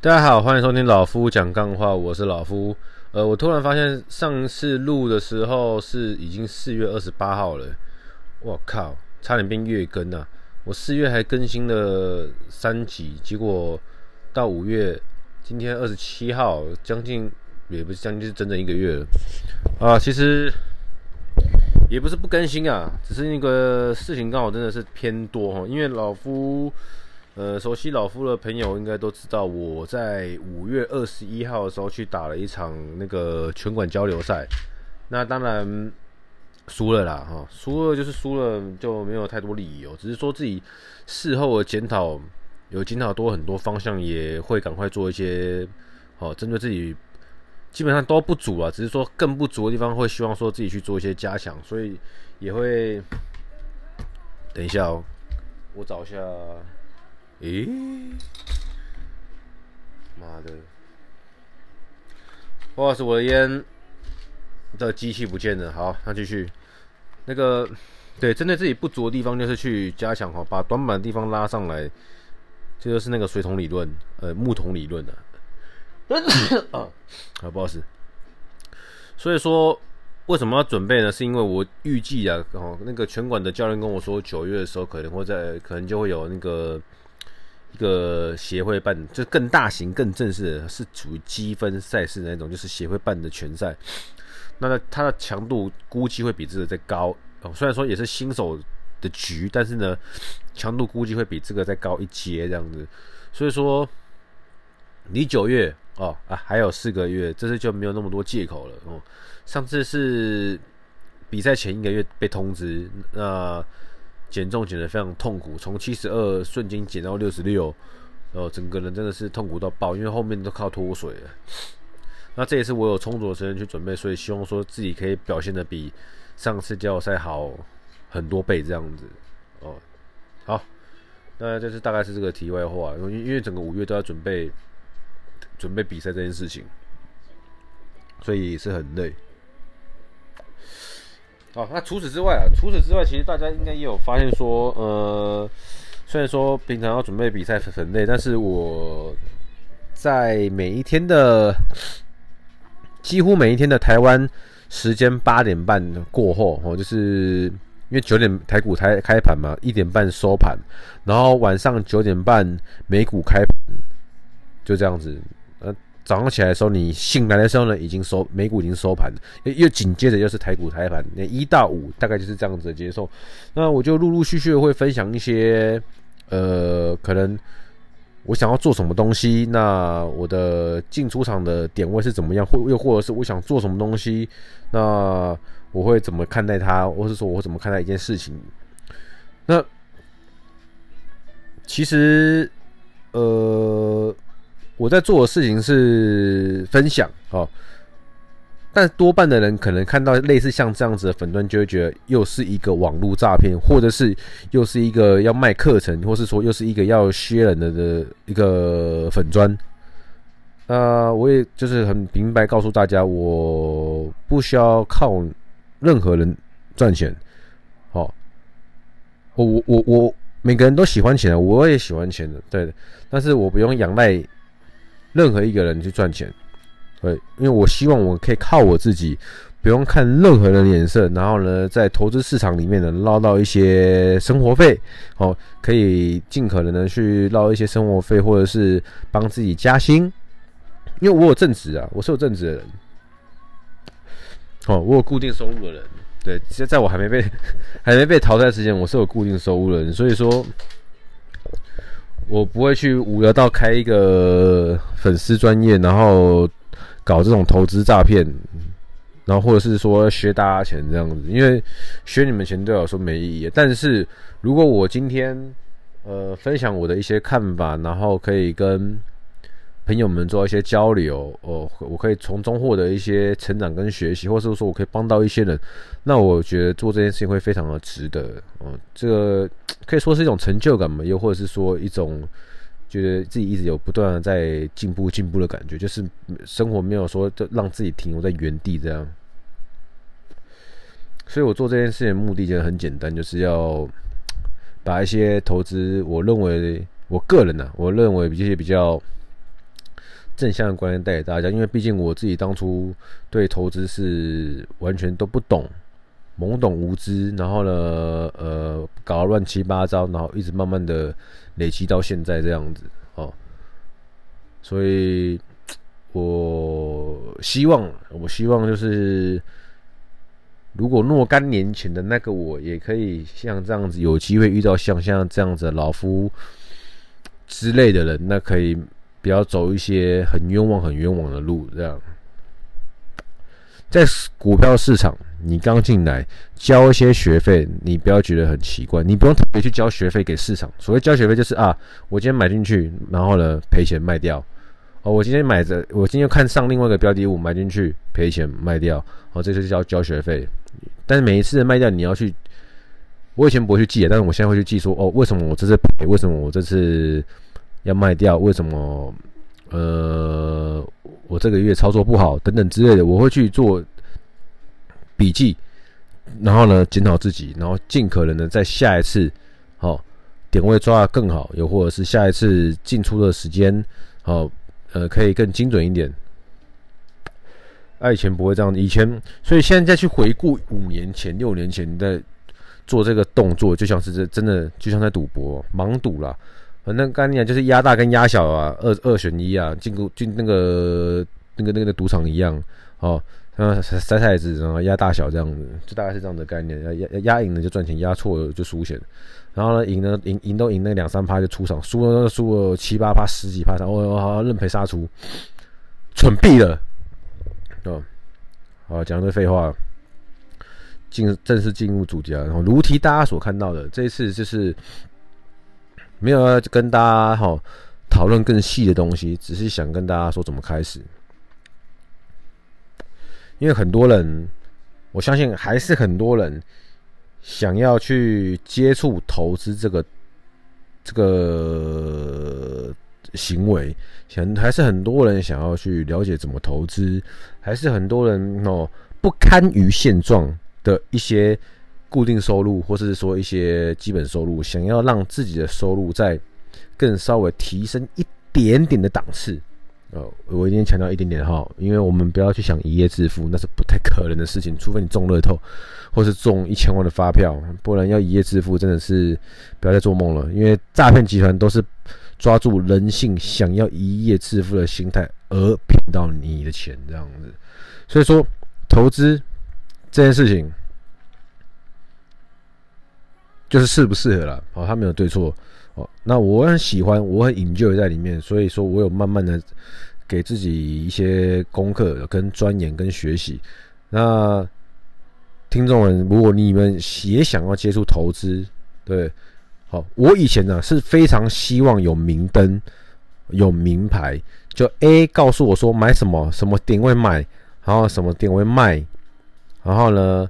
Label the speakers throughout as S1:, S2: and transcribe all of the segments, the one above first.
S1: 大家好，歡迎收聽老夫講幹話，我是老夫。呃，我突然發現上一次錄的時候是已經四月二十八號了，欸，我靠，差點變月更了、啊，我四月還更新了三集，結果到五月，今天二十七號，將近也不是將近，是整整一個月了啊。其實也不是不更新啊，只是那個事情剛好真的是偏多哈，因為老夫。呃，熟悉老夫的朋友應該都知道，我在五月二十一號的時候去打了一場那個拳館交流賽，那當然輸了啦，哈，哦，輸了就是輸了，就沒有太多理由，哦，只是說自己事後的檢討有檢討多很多方向，也會趕快做一些哦，針對自己基本上都不足了，只是說更不足的地方會希望說自己去做一些加強，所以也會等一下哦，我找一下。咦、欸，媽的，不好意思，我的煙的機器不見了。好，那繼續。那個對，針對自己不足的地方，就是去加強哈，把短板的地方拉上來。這就是那個水桶理論，呃，木桶理論啊， 不好意思。所以說，為什麼要準備呢？是因為我預計啊，哦，那個拳館的教練跟我說，九月的時候可能會在，可能就會有那個。一個協會辦，就更大型、更正式的，是屬於積分賽事那種，就是協會辦的拳賽。那它的強度估計會比這個再高哦，雖然說也是新手的局，但是呢，強度估計會比這個再高一階這樣子。所以說，你九月哦啊，還有四個月，這次就沒有那麼多借口了哦。上次是比賽前一個月被通知，那。減重減的非常痛苦，從七十二瞬間減到六十六，然後整個人真的是痛苦到爆，因為後面都靠脫水了。那這也是我有充足的時間去準備，所以希望說自己可以表現的比上次加賽好很多倍這樣子。哦，好，那就是大概是這個題外話，因為因為整個五月都要準備準備比賽這件事情，所以也是很累。哦、啊，那除此之外啊，除此之外，其實大家應該也有發現說，呃，雖然說平常要準備比賽很累，但是我在每一天的幾乎每一天的台灣時間八點半過後，我、哦、就是因為九點台股台開盤嘛，一點半收盤，然後晚上九點半美股開盤，就這樣子。早上起來的時候，你醒來的時候呢，已經收美股已經收盤，又緊接着又是台股開盤，那一到五大概就是這樣子的節奏。那我就陸陸續續會分享一些，呃，可能我想要做什麼東西，那我的進出場的點位是怎麼樣，或又或者是我想做什麼東西，那我會怎麼看待它，或是說我會怎麼看待一件事情。那其實，呃。我在做的事情是分享哦，但多半的人可能看到類似像這樣子的粉專，就會覺得又是一個網絡詐騙，或者是又是一個要賣課程，或是說又是一個要削人的的一個粉專。那我也就是很明白告訴大家，我不需要靠任何人賺錢。哦。我我我每個人都喜歡錢，我也喜歡錢的，對的，但是我不用仰賴。任何一個人去賺錢，對，因為我希望我可以靠我自己，不用看任何人臉色，然後呢，在投資市場裡面能撈到一些生活費，哦，可以盡可能的去撈一些生活費，或者是幫自己加薪，因為我有正職啊，我是有正職的人，哦，我有固定收入的人，對，現在我還沒被 還沒被淘汰之前，我是有固定收入的人，所以說。我不會去無聊到開一個粉絲專頁，然後搞這種投資詐騙，然後或者是說削大家錢這樣子，因為削你們錢對我來說沒意義。但是如果我今天呃分享我的一些看法，然後可以跟。朋友們做一些交流，哦，我可以從中獲得一些成長跟學習，或是說我可以幫到一些人，那我覺得做這件事情會非常的值得，哦，這個可以說是一種成就感嘛，又或者是說一種覺得自己一直有不斷的在進步進步的感覺，就是生活沒有說就讓自己停留在原地這樣，所以我做這件事情的目的就很簡單，就是要把一些投資，我認為我個人呢、啊，我認為這些比較。正向的觀念帶給大家，因為畢竟我自己當初對投資是完全都不懂，懵懂無知，然後呢，呃，搞亂七八糟，然後一直慢慢的累積到現在這樣子哦，所以我希望，我希望就是，如果若干年前的那個我也可以像這樣子有機會遇到像像這樣子老夫之類的人，那可以。不要走一些很冤枉、很冤枉的路。這樣，在股票市場，你剛進來交一些學費，你不要覺得很奇怪。你不用特別去交學費給市場。所謂交學費，就是啊，我今天買進去，然後呢，賠錢賣掉。哦，我今天買著，我今天看上另外一個標的物買進去，賠錢賣掉。哦，這就是叫交學費。但是每一次賣掉，你要去，我以前不會去記，但是我現在會去記，說哦，為什麼我這次賠？為什麼我這次？要賣掉？為什麼？呃，我這個月操作不好，等等之類的，我會去做筆記，然後呢，檢討自己，然後盡可能的在下一次，好、哦、點位抓得更好，又或者是下一次進出的時間，好、哦，呃，可以更精準一點。啊、以前不會這樣，以前，所以現在再去回顧五年前、六年前的做這個動作，就像是這真的就像在賭博，盲賭啦。那概念就是壓大跟壓小啊，二二選一啊，進進、那個、那個那個那個賭場一樣哦，嗯，篩骰子然後壓大小這樣子，就大概是這樣的概念。壓壓壓贏了就賺錢，壓錯了就輸錢。然後呢，贏了贏贏都贏那兩三趴就出場，輸了輸了七八趴十幾趴，我我認賠殺出，蠢斃了哦。好，講一堆廢話，進正式進入主題、啊、然後如題，大家所看到的，這一次就是。沒有要跟大家哈討論更細的東西，只是想跟大家說怎麼開始。因為很多人，我相信還是很多人想要去接觸投資這個這個行為，想，還是很多人想要去了解怎麼投資，還是很多人哦不堪於現狀的一些。固定收入，或是說一些基本收入，想要讓自己的收入再更稍微提升一點點的檔次，呃，我一定強調一點點哈，因為我們不要去想一夜致富，那是不太可能的事情，除非你中樂透，或是中一千萬的發票，不然要一夜致富，真的是不要再做夢了，因為詐騙集團都是抓住人性想要一夜致富的心態而騙到你的錢這樣子，所以說投資這件事情，就是適不適合了，哦，他沒有對錯，哦，那我很喜歡，我很 enjoy 在裡面，所以說我有慢慢的給自己一些功課跟鑽研跟學習。那聽眾們，如果你們也想要接觸投資，對，好，哦，我以前呢是非常希望有明燈，有明牌，就 A 告訴我說買什麼什麼點位買，然後什麼點位賣，然後呢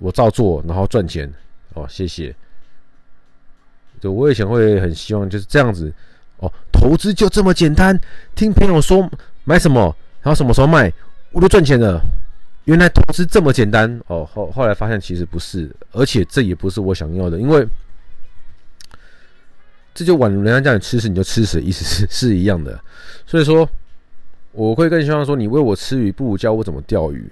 S1: 我照做，然後賺錢，哦，謝謝。就我以前會很希望就是這樣子哦，投資就這麼簡單。聽朋友說買什麼，然後什麼時候賣，我都賺錢了。原來投資這麼簡單哦。後後來發現其實不是，而且這也不是我想要的，因為這就宛如人家叫你吃屎你就吃屎，意思是是一樣的。所以說，我會更希望說，你餵我吃魚，不如教我怎麼釣魚啊。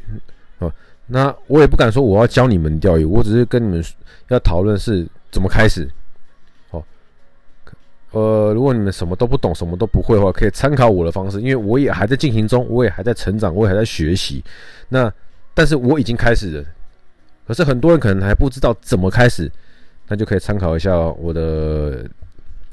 S1: 哦。那我也不敢說我要教你們釣魚，我只是跟你們要討論是怎麼開始。呃，如果你們什麼都不懂，什麼都不會的話，可以參考我的方式，因為我也還在進行中，我也還在成長，我也還在學習。那，但是我已經開始了，可是很多人可能還不知道怎麼開始，那就可以參考一下我的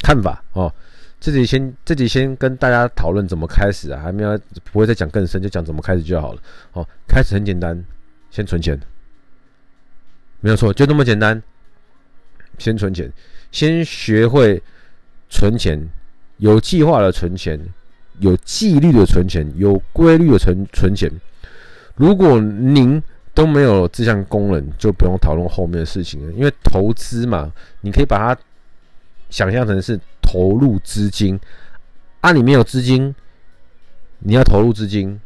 S1: 看法哦。自己先自己先跟大家討論怎麼開始啊，還沒有不會再講更深，就講怎麼開始就好了。哦，開始很簡單，先存錢，沒有錯，就那麼簡單，先存錢，先學會。存錢，有計劃的存錢，有紀律的存錢，有規律的存存錢。如果您都沒有這項功能，就不用討論後面的事情了。因為投資嘛，你可以把它想象成是投入資金。啊，你沒有資金，你要投入資金，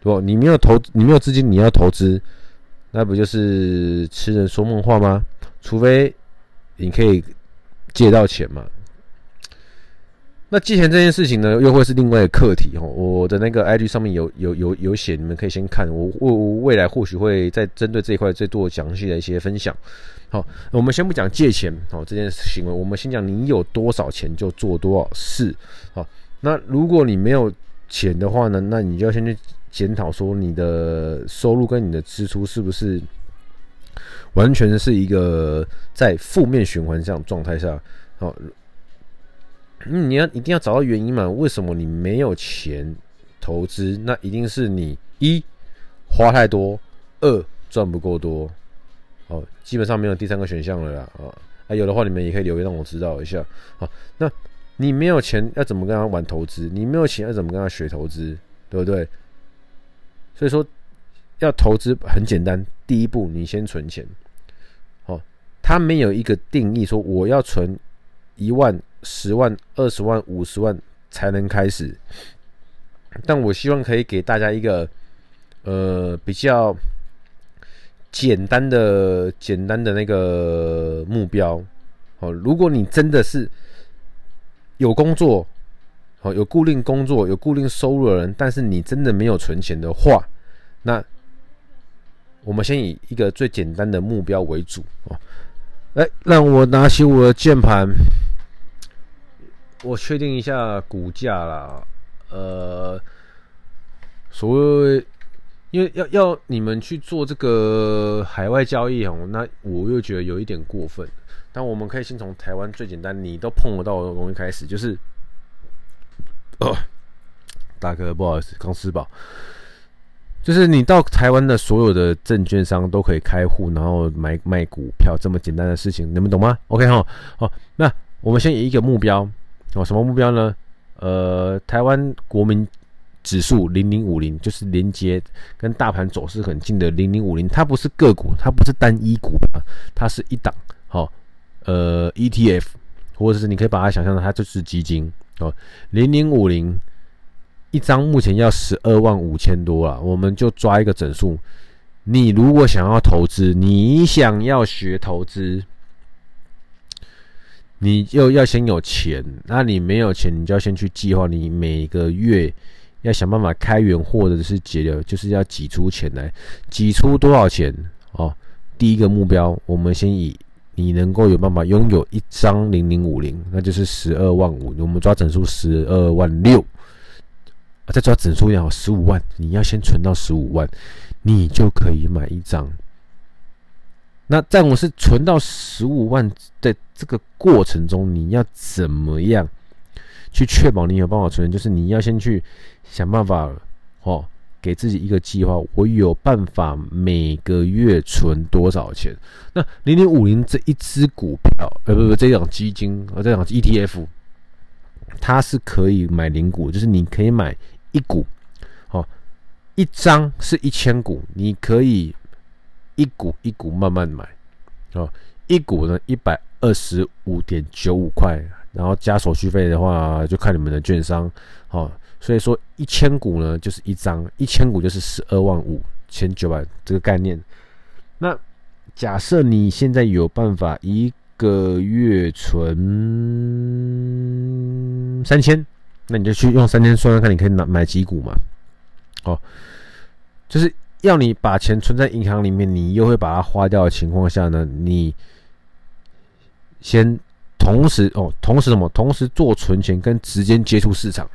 S1: 不，你沒有投，你沒有資金，你要投資，那不就是痴人說夢話嗎？除非你可以借到錢嘛。那借錢這件事情呢，又會是另外一個課題哈。我的那個 ID 上面有有有有寫，你們可以先看。我未未來或許會再針對這一塊再做詳細的一些分享。好，我們先不講借錢好這件事情，我們先講你有多少錢就做多少事。好，那如果你沒有錢的話呢，那你就要先去檢討說你的收入跟你的支出是不是完全是一個在負面循環這樣狀態下。好。嗯，你要一定要找到原因嘛？為什麼你沒有錢投資？那一定是你一花太多，二賺不夠多，哦，基本上沒有第三個選項了啦啊！哎，有的話你們也可以留言讓我知道一下。好，那你沒有錢要怎麼跟他玩投資？你沒有錢要怎麼跟他學投資？對不對？所以說要投資很簡單，第一步你先存錢。哦，他沒有一個定義說我要存一萬。十萬、二十萬、五十萬才能開始，但我希望可以給大家一個呃比較簡單的、簡單的那個目標。哦，如果你真的是有工作，有固定工作、有固定收入的人，但是你真的沒有存錢的話，那我們先以一個最簡單的目標為主哦。來，讓我拿起我的鍵盤。我確定一下股價啦，呃，所謂因為要要你們去做這個海外交易哦，那我又覺得有一點過分。但我們可以先從台灣最簡單，你都碰不到的東西開始，就是，大哥不好意思，剛吃飽，就是你到台灣的所有的證券商都可以開戶，然後買賣股票這麼簡單的事情，你們懂嗎？OK 哈，好，那我們先以一個目標。有什麼目標呢？呃，台灣國民指數零零五零，就是連接跟大盤走勢很近的零零五零，它不是個股，它不是單一股，它是一檔。齁，呃，ETF，或者是你可以把它想象成它就是基金。齁，零零五零一張目前要十二萬五千多啊，我們就抓一個整數。你如果想要投資，你想要學投資。你又要先有錢，那你沒有錢，你就要先去計劃，你每個月要想辦法開源，或者是節流，就是要擠出錢來。擠出多少錢？哦，第一個目標，我們先以你能夠有辦法擁有一張零零五零，那就是十二萬五，我們抓整數十二萬六，再抓整數也好十五萬，你要先存到十五萬，你就可以買一張。那在我是存到十五萬，在這個過程中，你要怎麼樣去確保你有辦法存？就是你要先去想辦法，哦，給自己一個計劃，我有辦法每個月存多少錢？那零零五零這一只股票，呃，不是不，這種基金，呃，這種 ETF，它是可以買零股，就是你可以買一股，哦，一張是一千股，你可以。一股一股慢慢買，哦，一股呢一百二十五點九五塊，然後加手續費的話，就看你們的券商，哦，所以說一千股呢就是一張，一千股就是十二萬五千九百這個概念。那假設你現在有辦法一個月存三千，那你就去用三千算算看看，你可以拿買幾股嘛？哦，就是。要你把錢存在銀行裡面，你又會把它花掉的情況下呢，你先同時哦，同時什麼？同時做存錢跟直接接觸市場。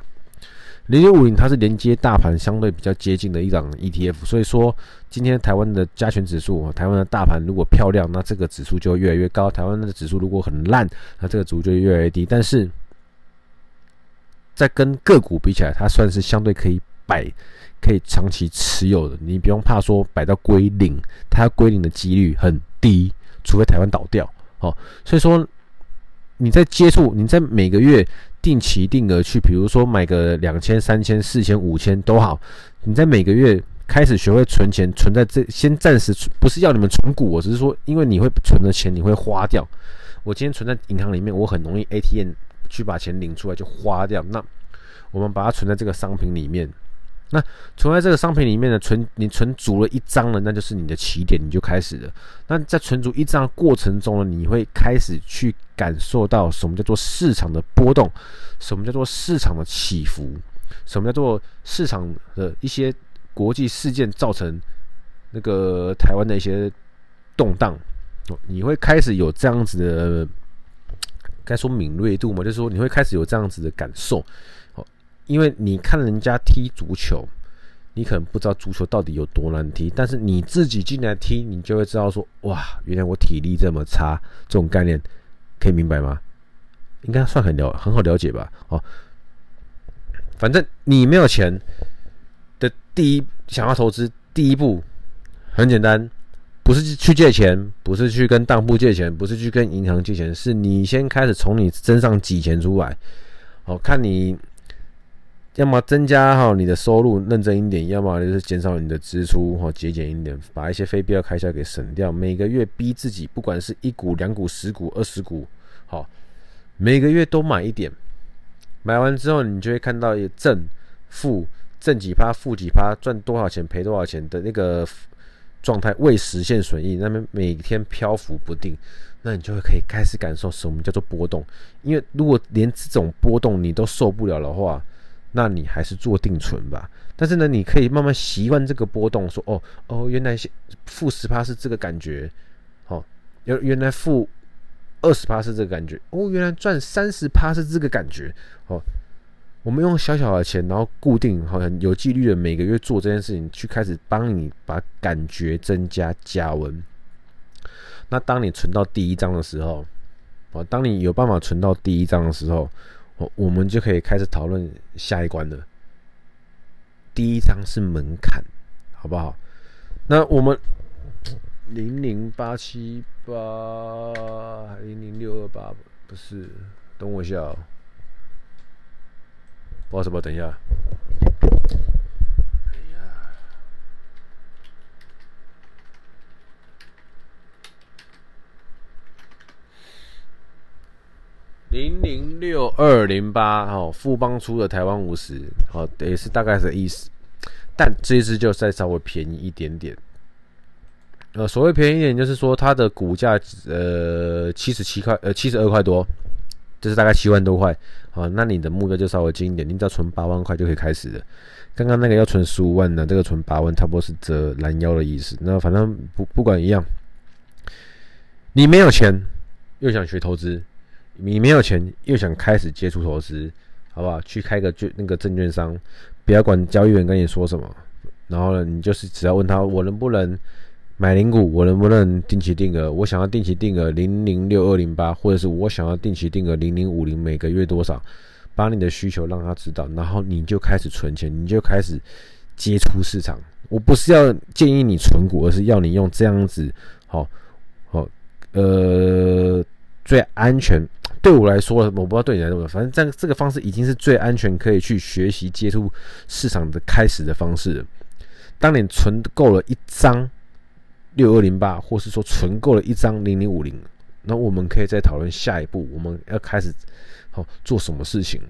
S1: 0050它是連接大盤相對比較接近的一檔 ETF，所以說今天台灣的加權指數啊，台灣的大盤如果漂亮，那這個指數就越來越高；台灣的指數如果很爛，那這個指數就越來越低。但是在跟個股比起來，它算是相對可以。擺可以長期持有的，你不用怕說擺到歸零，它歸零的幾率很低，除非台灣倒掉。好，所以說你在接觸，你在每個月定期定額去，比如說買個兩千、三千、四千、五千都好，你在每個月開始學會存錢，存在這先暫時不是要你們存股，我只是說，因為你會存的錢你會花掉，我今天存在銀行裡面，我很容易 ATM 去把錢領出來就花掉，那我們把它存在這個商品裡面。那存在這個商品裡面呢，存你存足了一張了，那就是你的起點，你就開始了。那在存足一張過程中呢，你會開始去感受到什麼叫做市場的波動，什麼叫做市場的起伏，什麼叫做市場的一些國際事件造成那個台灣的一些動盪。你會開始有這樣子的，呃，該說敏銳度嗎？就是說你會開始有這樣子的感受。因為你看人家踢足球，你可能不知道足球到底有多難踢，但是你自己進來踢，你就會知道說，哇，原來我體力這麼差，這種概念可以明白嗎？應該算很了很好了解吧？哦，反正你沒有錢的第一想要投資，第一步很簡單，不是去借錢，不是去跟當鋪借錢，不是去跟銀行借錢，是你先開始從你身上擠錢出來，哦，看你。要麼增加哈你的收入，認真一點；要麼就是減少你的支出或節儉一點，把一些非必要開銷給省掉。每個月逼自己，不管是一股、兩股、十股、二十股，好，每個月都買一點。買完之後，你就會看到正負、正幾趴、負幾趴、賺多少錢、賠多，多少錢的那個狀態，未實現損益，那麼每天漂浮不定，那你就會可以開始感受什麼叫做波動。因為如果連這種波動你都受不了的話，那你還是做定存吧，但是呢，你可以慢慢習慣這個波動，說哦哦，原來是負十趴是這個感覺，哦，原原來負二十趴是這個感覺，哦，原來賺三十趴是這個感覺哦，感覺哦，我們用小小的錢，然後固定好像有紀律的每個月做這件事情，去開始幫你把感覺增加加溫。那當你存到第一章的時候，哦，當你有辦法存到第一章的時候。我們就可以開始討論下一關了。第一張是門檻，好不好？那我們零零八七八零零六二八，不是，等我一下喔，不好意思，等一下。零零六二零八哦，富邦出的台灣五十哦，也是大概是意思，但這一支就再稍微便宜一點點。呃，所謂便宜一點，就是說它的股價呃七十七塊呃七十二塊多，就是大概七萬多塊。好，哦，那你的目標就稍微近一點，你只要存八萬塊就可以開始了。剛剛那個要存十五萬呢，這個存八萬，差不多是折攔腰的意思。那反正不不管一樣，你沒有錢又想學投資。你沒有錢，又想開始接觸投資，好不好？去開個就那個證券商，不要管交易員跟你說什麼。然後呢，你就是只要問他，我能不能買零股？我能不能定期定額？我想要定期定額零零六二零八，或者是我想要定期定額零零五零，每個月多少？把你的需求讓他知道，然後你就開始存錢，你就開始接觸市場。我不是要建議你存股，而是要你用這樣子，好，好，呃，最安全。對我來說，我不知道對你來說，反正這個這個方式已經是最安全可以去學習接觸市場的開始的方式了。當你存夠了一張六二零八，或是說存夠了一張零零五零，那我們可以再討論下一步，我們要開始哦做什麼事情。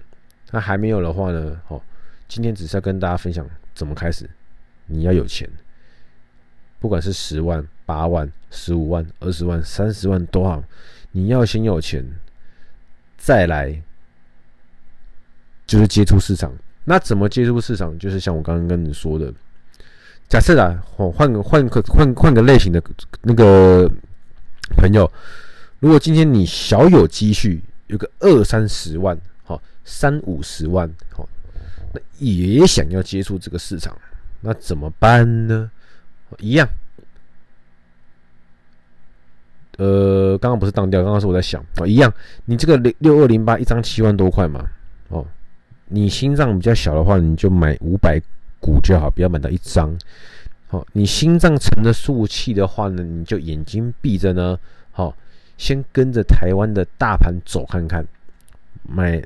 S1: 那還沒有的話呢？哦，今天只是要跟大家分享怎麼開始。你要有錢，不管是十萬、八萬、十五萬、二十萬、三十萬都好，你要先有錢。再來，就是接觸市場。那怎麼接觸市場？就是像我剛剛跟你說的，假設啊，換個換個換換個類型的那個朋友，如果今天你小有積蓄，有個二三十萬，好，三五十萬，好，那也想要接觸這個市場，那怎麼辦呢？一樣。呃，剛剛不是當掉，剛剛是我在想哦，一樣，你這個006208一張七萬多塊嘛，哦，你心臟比較小的話，你就買五百股就好，不要買到一張。哦，你心臟成的數器的話呢，你就眼睛閉着呢，哦，先跟着台灣的大盤走看看，買。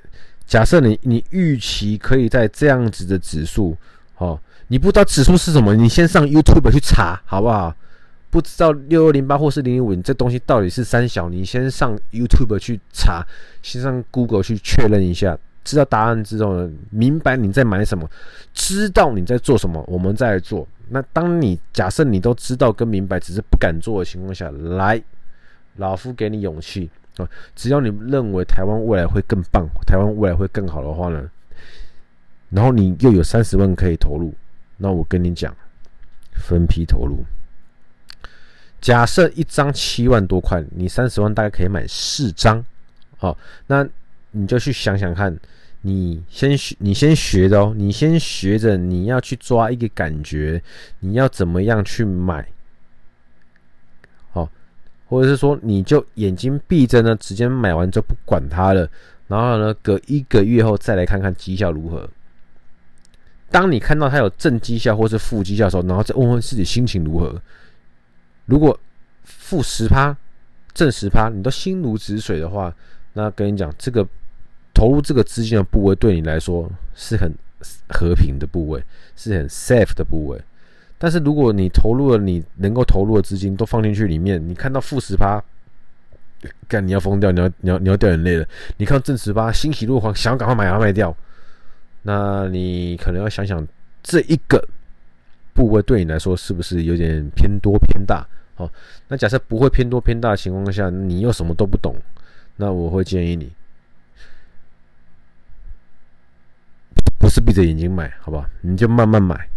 S1: 假設你你預期可以在這樣子的指數，哦，你不知道指數是什麼，你先上 YouTube 去查，好不好？不知道六幺零八或是零零五，你這東西到底是三小？你先上 YouTube 去查，先上 Google 去確認一下。知道答案之後呢，明白你在買什麼，知道你在做什麼，我們再來做。那當你假設你都知道跟明白，只是不敢做的情況下，來，老夫給你勇氣啊！只要你認為台灣未來會更棒，台灣未來會更好的話呢，然後你又有三十萬可以投入，那我跟你講，分批投入。假設一張七萬多塊，你三十萬大概可以買四張，好，那你就去想想看，你先學，你先學著喔，你先學着你要去抓一個感覺，你要怎麼樣去買，好，或者是說你就眼睛閉着呢，直接買完就不管它了，然後呢，隔一個月後再來看看績效如何。當你看到它有正績效或是負績效的時候，然後再問問自己心情如何。如果負十趴、正十趴，你都心如止水的話，那跟你講，這個投入這個資金的部位，對你來說是很和平的部位，是很 safe 的部位。但是如果你投入了你能夠投入的資金都放進去裡面，你看到負十趴，幹你要瘋掉，你要你要你要掉眼淚了。你看到正十趴，欣喜若狂，想要趕快買它、啊、賣掉，那你可能要想想這一個部位對你來說是不是有點偏多偏大？哦，那假設不會偏多偏大的情況下，你又什麼都不懂，那我會建議你，不是閉着眼睛買，好不好？你就慢慢買，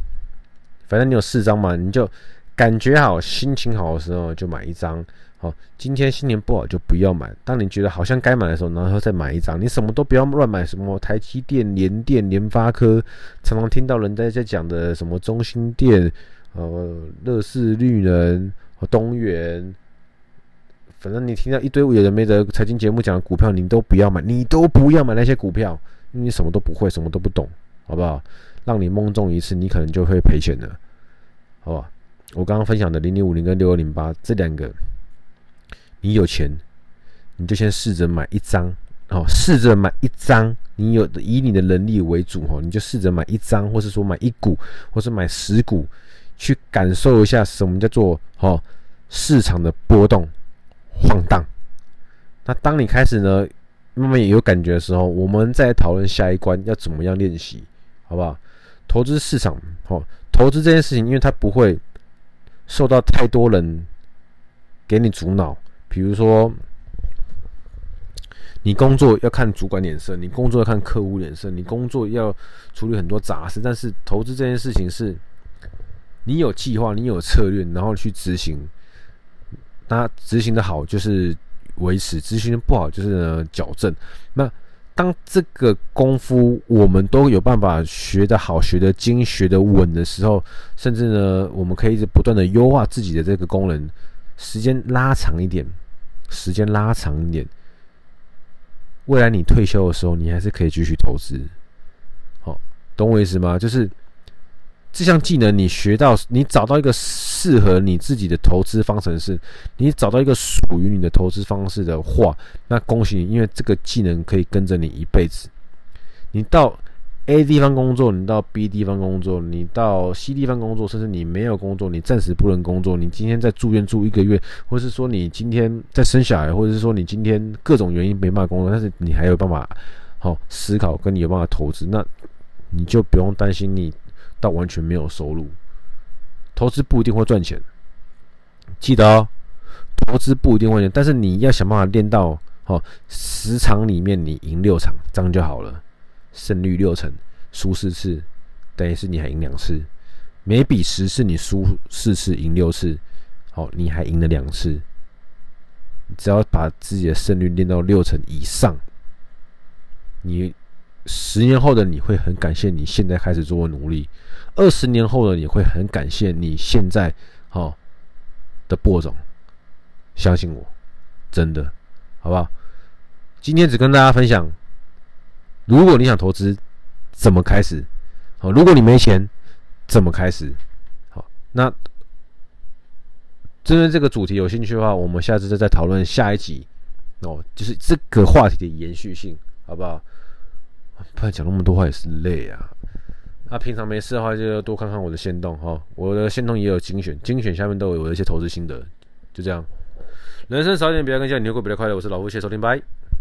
S1: 反正你有四張嘛，你就感覺好、心情好的時候就買一張。好，今天心情不好就不要買。當你覺得好像該買的時候，然後再買一張。你什麼都不要亂買，什麼台積電、聯電、聯發科，常常聽到人家在講的什麼中興電、呃樂視、綠能、東元。反正你聽到一堆有的沒的財經節目講的股票，你都不要買，你都不要買那些股票。你什麼都不會，什麼都不懂，好不好？讓你夢中一次，你可能就會賠錢了，好吧？我剛剛分享的零零五零跟六二零八這兩個。你有錢，你就先試着買一張哦，試着買一張。你有，以你的能力為主哦，你就試着買一張，或是說買一股，或是買十股，去感受一下什麼叫做哦，市場的波動、晃蕩。那當你開始呢，慢慢也有感覺的時候，我們再討論下一關要怎麼樣練習，好不好？投資市場哦，投資這件事情，因為它不會受到太多人給你阻撓。比如說，你工作要看主管臉色，你工作要看客戶臉色，你工作要處理很多雜事。但是投資這件事情是，你有計劃，你有策略，然後去執行。那執行的好就是維持，執行的不好就是矯正。那當這個功夫我們都有辦法學得好、學得精、學得穩的時候，甚至呢，我們可以不斷的優化自己的這個功能。時間拉長一點，時間拉長一點。未來你退休的時候，你還是可以繼續投資。好，懂我意思嗎？就是這項技能，你學到，你找到一個適合你自己的投資方程式，你找到一個屬於你的投資方式的話，那恭喜你，因為這個技能可以跟着你一輩子。你到 A 地方工作，你到 B 地方工作，你到 C 地方工作，甚至你沒有工作，你暫時不能工作，你今天在住院住一個月，或是說你今天在生小孩，或者是說你今天各種原因沒辦法工作，但是你還有辦法，好、哦、思考跟你有辦法投資，那你就不用擔心你到完全沒有收入。投資不一定會賺錢，記得哦，投資不一定會賺錢，但是你要想辦法練到哦十場裡面你贏六場，這樣就好了。勝率六成，輸四次，等於是你還贏兩次。每比十次，你輸四次，贏六次，好，你還贏了兩次。你只要把自己的勝率練到六成以上，你十年後的你會很感謝你現在開始做的努力。二十年後的你會很感謝你現在好，的播種。相信我，真的，好不好？今天只跟大家分享。如果你想投資，怎麼開始？好、哦，如果你沒錢，怎麼開始？好、哦，那針對這個主題有興趣的話，我們下次再再討論下一集哦，就是這個話題的延續性，好不好？啊、不然講那麼多話也是累啊。那、啊、平常沒事的話，就要多看看我的限動哈、哦，我的限動也有精選，精選下面都有有一些投資心得，就這樣。人生少一點比較更像牛股，比較快樂。我是老吳，謝謝收聽，拜。